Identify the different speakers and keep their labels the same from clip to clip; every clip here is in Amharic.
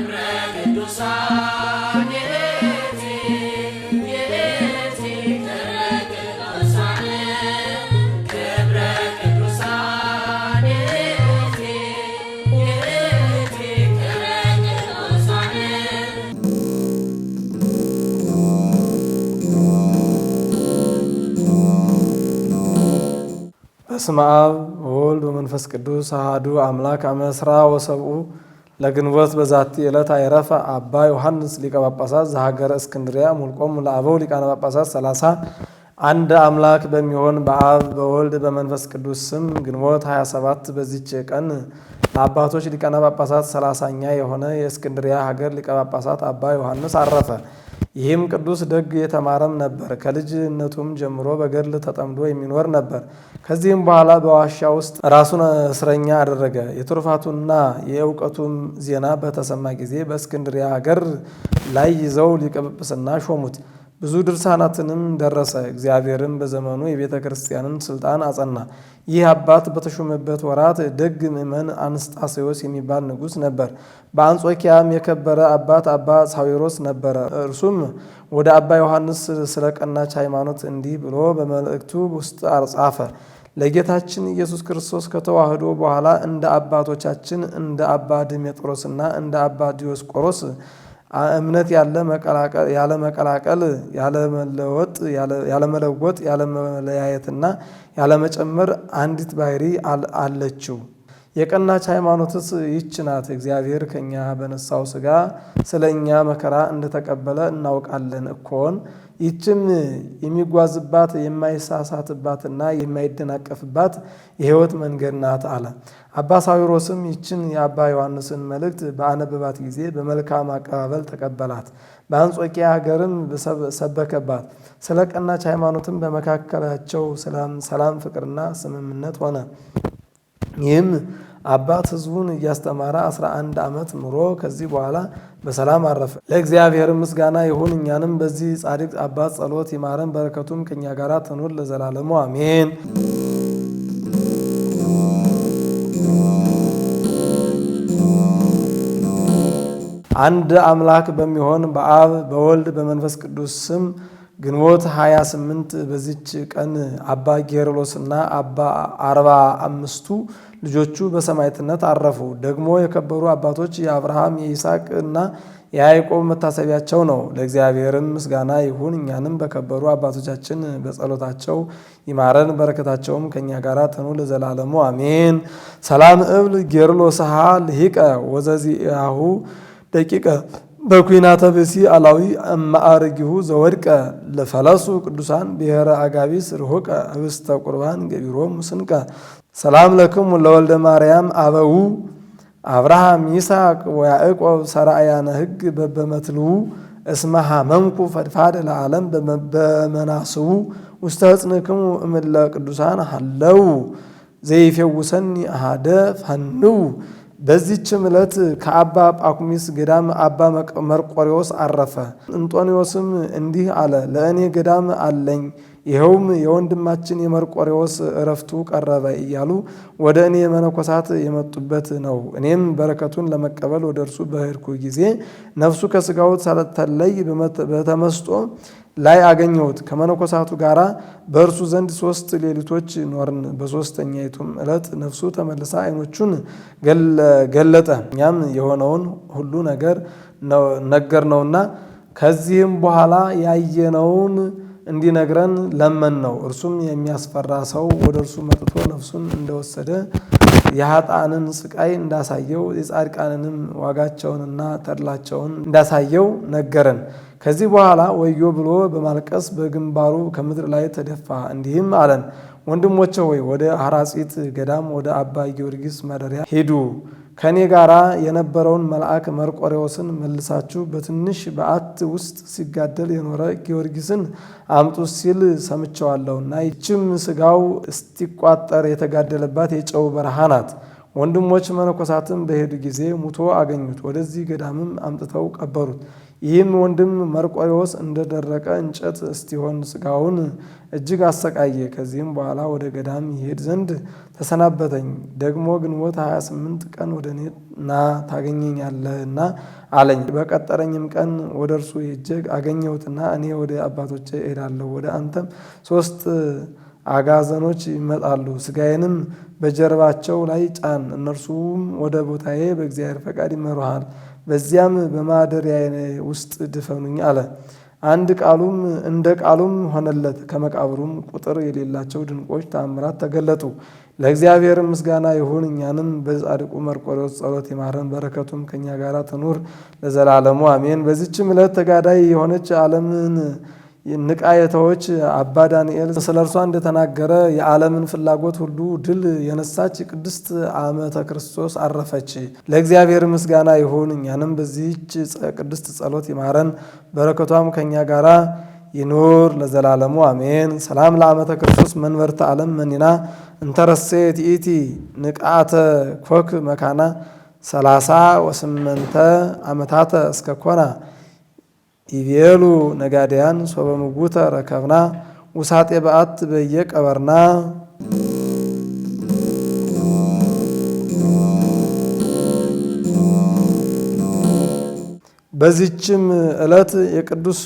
Speaker 1: ክብረ ወልድ የቲ
Speaker 2: በስመ አብ ወወልድ ወመንፈስ ቅዱስ አሐዱ አምላክ አመስራ ወሰብኡ ለግንቦት በዛቲ ዕለት አይረፈ አባ ዮሐንስ ሊቀ ጳጳሳት ዘሀገረ እስክንድሪያ ሙልቆም ለአበው ሊቃነ ጳጳሳት ሰላሳ አንድ አምላክ በሚሆን በአብ በወልድ በመንፈስ ቅዱስ ስም ግንቦት 27 በዚች ቀን ለአባቶች ሊቃነ ጳጳሳት ሰላሳኛ የሆነ የእስክንድሪያ ሀገር ሊቀ ጳጳሳት አባ ዮሐንስ አረፈ። ይህም ቅዱስ ደግ የተማረም ነበር። ከልጅነቱም ጀምሮ በገድል ተጠምዶ የሚኖር ነበር። ከዚህም በኋላ በዋሻ ውስጥ ራሱን እስረኛ አደረገ። የትሩፋቱና የእውቀቱም ዜና በተሰማ ጊዜ በእስክንድሪያ ሀገር ላይ ይዘው ሊቀ ጵጵስና ሾሙት። ብዙ ድርሳናትንም ደረሰ። እግዚአብሔርም በዘመኑ የቤተ ክርስቲያንን ስልጣን አጸና። ይህ አባት በተሾመበት ወራት ደግ ምእመን አንስጣሴዎስ የሚባል ንጉሥ ነበር። በአንጾኪያም የከበረ አባት አባ ሳዊሮስ ነበረ። እርሱም ወደ አባ ዮሐንስ ስለ ቀናች ሃይማኖት እንዲህ ብሎ በመልእክቱ ውስጥ አጻፈ። ለጌታችን ኢየሱስ ክርስቶስ ከተዋህዶ በኋላ እንደ አባቶቻችን እንደ አባ ድሜጥሮስና እንደ አባ ዲዮስቆሮስ እምነት ያለ መቀላቀል ያለ መቀላቀል ያለ መለወጥ ያለ መለወጥ ያለ መለያየትና ያለ መጨመር አንዲት ባህሪ አለችው። የቀናች ሃይማኖትስ ይች ናት። እግዚአብሔር ከእኛ በነሳው ስጋ ስለ እኛ መከራ እንደተቀበለ እናውቃለን እኮን። ይችም የሚጓዝባት የማይሳሳትባትና የማይደናቀፍባት የህይወት መንገድ ናት አለ። አባ ሳዊሮስም ይችን የአባ ዮሐንስን መልእክት በአነበባት ጊዜ በመልካም አቀባበል ተቀበላት። በአንጾቂያ ሀገርም ሰበከባት። ስለ ቀናች ሃይማኖትም በመካከላቸው ሰላም፣ ፍቅርና ስምምነት ሆነ። ይህም አባት ህዝቡን እያስተማረ 11 ዓመት ኑሮ ከዚህ በኋላ በሰላም አረፈ። ለእግዚአብሔር ምስጋና ይሁን። እኛንም በዚህ ጻድቅ አባት ጸሎት ይማረን፣ በረከቱም ከእኛ ጋር ትኑር ለዘላለሙ አሜን። አንድ አምላክ በሚሆን በአብ በወልድ በመንፈስ ቅዱስ ስም ግንቦት 28 በዚች ቀን አባ ጌርሎስና አባ አርባ አምስቱ ልጆቹ በሰማይትነት አረፉ። ደግሞ የከበሩ አባቶች የአብርሃም የይስሐቅ እና የያዕቆብ መታሰቢያቸው ነው። ለእግዚአብሔርም ምስጋና ይሁን። እኛንም በከበሩ አባቶቻችን በጸሎታቸው ይማረን፣ በረከታቸውም ከእኛ ጋር ተኑ ለዘላለሙ አሜን። ሰላም እብል ጌርሎስሃ ልሂቀ ወዘዚአሁ ደቂቀ በኩናተ ብእሲ አላዊ እማአርጊሁ ዘወድቀ ለፈለሱ ቅዱሳን ብሔረ አጋቢስ ስርሆቀ ህብስተ ቁርባን ገቢሮም ስንቀ ሰላም ለክሙ ለወልደ ማርያም አበው አብርሃም ይስሐቅ ወያዕቆብ ሰራእያነ ሕግ በበመትልዉ እስመሃ መንኩ ፈድፋድ ለዓለም በመናስቡ ውስተ ሕፅንክሙ እምለ ቅዱሳን ሃለው ዘይፌውሰኒ አሃደ ፈንው በዚች ዕለት ከአባ ጳኩሚስ ገዳም አባ መርቆሪዎስ አረፈ። እንጦኒዎስም እንዲህ አለ፣ ለእኔ ገዳም አለኝ ይኸውም የወንድማችን የመርቆሬዎስ እረፍቱ ቀረበ እያሉ ወደ እኔ መነኮሳት የመጡበት ነው። እኔም በረከቱን ለመቀበል ወደ እርሱ በሄድኩ ጊዜ ነፍሱ ከሥጋው ሳትለይ በተመስጦ ላይ አገኘሁት። ከመነኮሳቱ ጋር በእርሱ ዘንድ ሶስት ሌሊቶች ኖርን። በሶስተኛይቱም ዕለት ነፍሱ ተመልሳ አይኖቹን ገለጠ። እኛም የሆነውን ሁሉ ነገር ነገር ነውና ከዚህም በኋላ ያየነውን እንዲነግረን ለመን ነው። እርሱም የሚያስፈራ ሰው ወደ እርሱ መጥቶ ነፍሱን እንደወሰደ የሀጣንን ስቃይ እንዳሳየው የጻድቃንንም ዋጋቸውንና ተድላቸውን እንዳሳየው ነገረን። ከዚህ በኋላ ወዮ ብሎ በማልቀስ በግንባሩ ከምድር ላይ ተደፋ፣ እንዲህም አለን ወንድሞቼ ሆይ ወደ አራጺት ገዳም ወደ አባ ጊዮርጊስ ማደሪያ ሂዱ። ከእኔ ጋር የነበረውን መልአክ መርቆሬዎስን መልሳችሁ በትንሽ በዓት ውስጥ ሲጋደል የኖረ ጊዮርጊስን አምጡ ሲል እና ይችም ስጋው እስቲቋጠር የተጋደለባት የጨው በረሃ ናት። ወንድሞች መነኮሳትም በሄዱ ጊዜ ሙቶ አገኙት። ወደዚህ ገዳምም አምጥተው ቀበሩት። ይህም ወንድም መርቆሬዎስ እንደደረቀ እንጨት እስቲሆን ስጋውን እጅግ አሰቃየ። ከዚህም በኋላ ወደ ገዳም ይሄድ ዘንድ ተሰናበተኝ። ደግሞ ግንቦት 28 ቀን ወደ እኔ ና ታገኘኛለህና አለኝ። በቀጠረኝም ቀን ወደ እርሱ ሄጄ አገኘሁትና እኔ ወደ አባቶች እሄዳለሁ፣ ወደ አንተም ሶስት አጋዘኖች ይመጣሉ፣ ስጋዬንም በጀርባቸው ላይ ጫን፣ እነርሱም ወደ ቦታዬ በእግዚአብሔር ፈቃድ ይመሩሃል በዚያም በማደሪያ ውስጥ ድፈኑኝ አለ። አንድ ቃሉም እንደ ቃሉም ሆነለት። ከመቃብሩም ቁጥር የሌላቸው ድንቆች ተአምራት ተገለጡ። ለእግዚአብሔር ምስጋና ይሁን፣ እኛንም በጻድቁ መርቆሬዎስ ጸሎት ይማረን፣ በረከቱም ከእኛ ጋር ትኑር ለዘላለሙ አሜን። በዚችም ዕለት ተጋዳይ የሆነች ዓለምን ንቃየታዎች አባ ዳንኤል ስለ እርሷ እንደተናገረ የዓለምን ፍላጎት ሁሉ ድል የነሳች ቅድስት አመተ ክርስቶስ አረፈች። ለእግዚአብሔር ምስጋና ይሁን። እኛንም በዚህች ቅድስት ጸሎት ይማረን፣ በረከቷም ከእኛ ጋራ ይኑር ለዘላለሙ አሜን። ሰላም ለአመተ ክርስቶስ መንበርተ ዓለም መኒና እንተረሴት ይእቲ ንቃተ ኮክ መካና ሰላሳ ወስመንተ ዓመታተ እስከ ኮና ኢቤሉ ነጋዲያን ሶበ ምጉተ ረከብና ውሳጤ በአት በየቀበርና በዚችም ዕለት የቅዱስ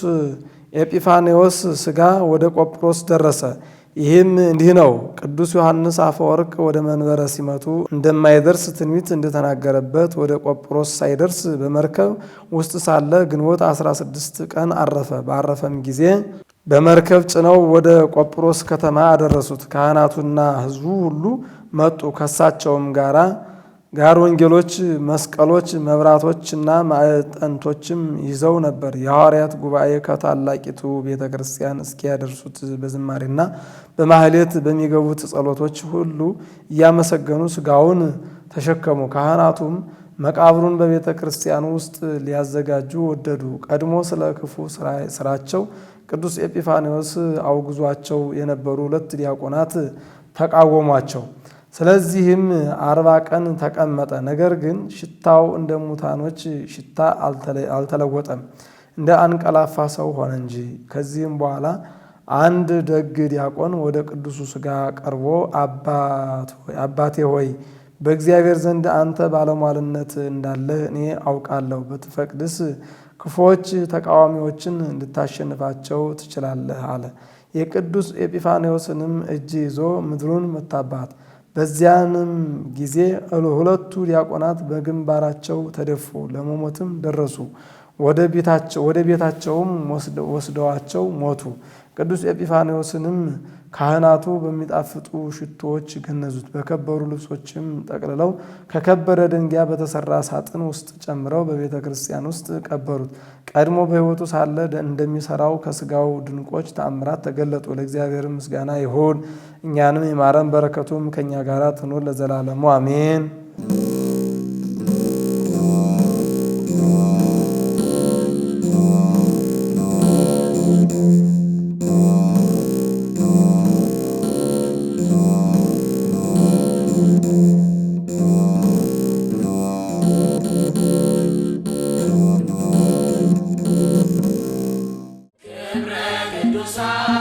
Speaker 2: ኤጲፋኔዎስ ሥጋ ወደ ቆጵሮስ ደረሰ። ይህም እንዲህ ነው። ቅዱስ ዮሐንስ አፈወርቅ ወደ መንበረ ሲመቱ እንደማይደርስ ትንቢት እንደተናገረበት ወደ ቆጵሮስ ሳይደርስ በመርከብ ውስጥ ሳለ ግንቦት 16 ቀን አረፈ። ባረፈም ጊዜ በመርከብ ጭነው ወደ ቆጵሮስ ከተማ አደረሱት። ካህናቱና ሕዝቡ ሁሉ መጡ ከሳቸውም ጋራ ጋር ወንጌሎች፣ መስቀሎች፣ መብራቶችና ማዕጠንቶችም ይዘው ነበር። የሐዋርያት ጉባኤ ከታላቂቱ ቤተ ክርስቲያን እስኪያደርሱት በዝማሬና በማህሌት በሚገቡት ጸሎቶች ሁሉ እያመሰገኑ ስጋውን ተሸከሙ። ካህናቱም መቃብሩን በቤተ ክርስቲያን ውስጥ ሊያዘጋጁ ወደዱ። ቀድሞ ስለ ክፉ ስራቸው ቅዱስ ኤጲፋንዮስ አውግዟቸው የነበሩ ሁለት ዲያቆናት ተቃወሟቸው። ስለዚህም አርባ ቀን ተቀመጠ። ነገር ግን ሽታው እንደ ሙታኖች ሽታ አልተለወጠም፣ እንደ አንቀላፋ ሰው ሆነ እንጂ። ከዚህም በኋላ አንድ ደግ ዲያቆን ወደ ቅዱሱ ሥጋ ቀርቦ አባቴ ሆይ በእግዚአብሔር ዘንድ አንተ ባለሟልነት እንዳለህ እኔ አውቃለሁ። ብትፈቅድስ ክፎች ተቃዋሚዎችን እንድታሸንፋቸው ትችላለህ አለ። የቅዱስ ኤጲፋኔዎስንም እጅ ይዞ ምድሩን መታባት። በዚያንም ጊዜ ሁለቱ ዲያቆናት በግንባራቸው ተደፉ፣ ለመሞትም ደረሱ። ወደ ቤታቸውም ወስደዋቸው ሞቱ። ቅዱስ ኤጲፋንዮስንም ካህናቱ በሚጣፍጡ ሽቶዎች ገነዙት። በከበሩ ልብሶችም ጠቅልለው ከከበረ ድንጋይ በተሰራ ሳጥን ውስጥ ጨምረው በቤተ ክርስቲያን ውስጥ ቀበሩት። ቀድሞ በሕይወቱ ሳለ እንደሚሰራው ከስጋው ድንቆች ተአምራት ተገለጡ። ለእግዚአብሔር ምስጋና ይሁን፣ እኛንም የማረን በረከቱም ከእኛ ጋር ትኑር ለዘላለሙ አሜን። ደብረ ቅዱሳን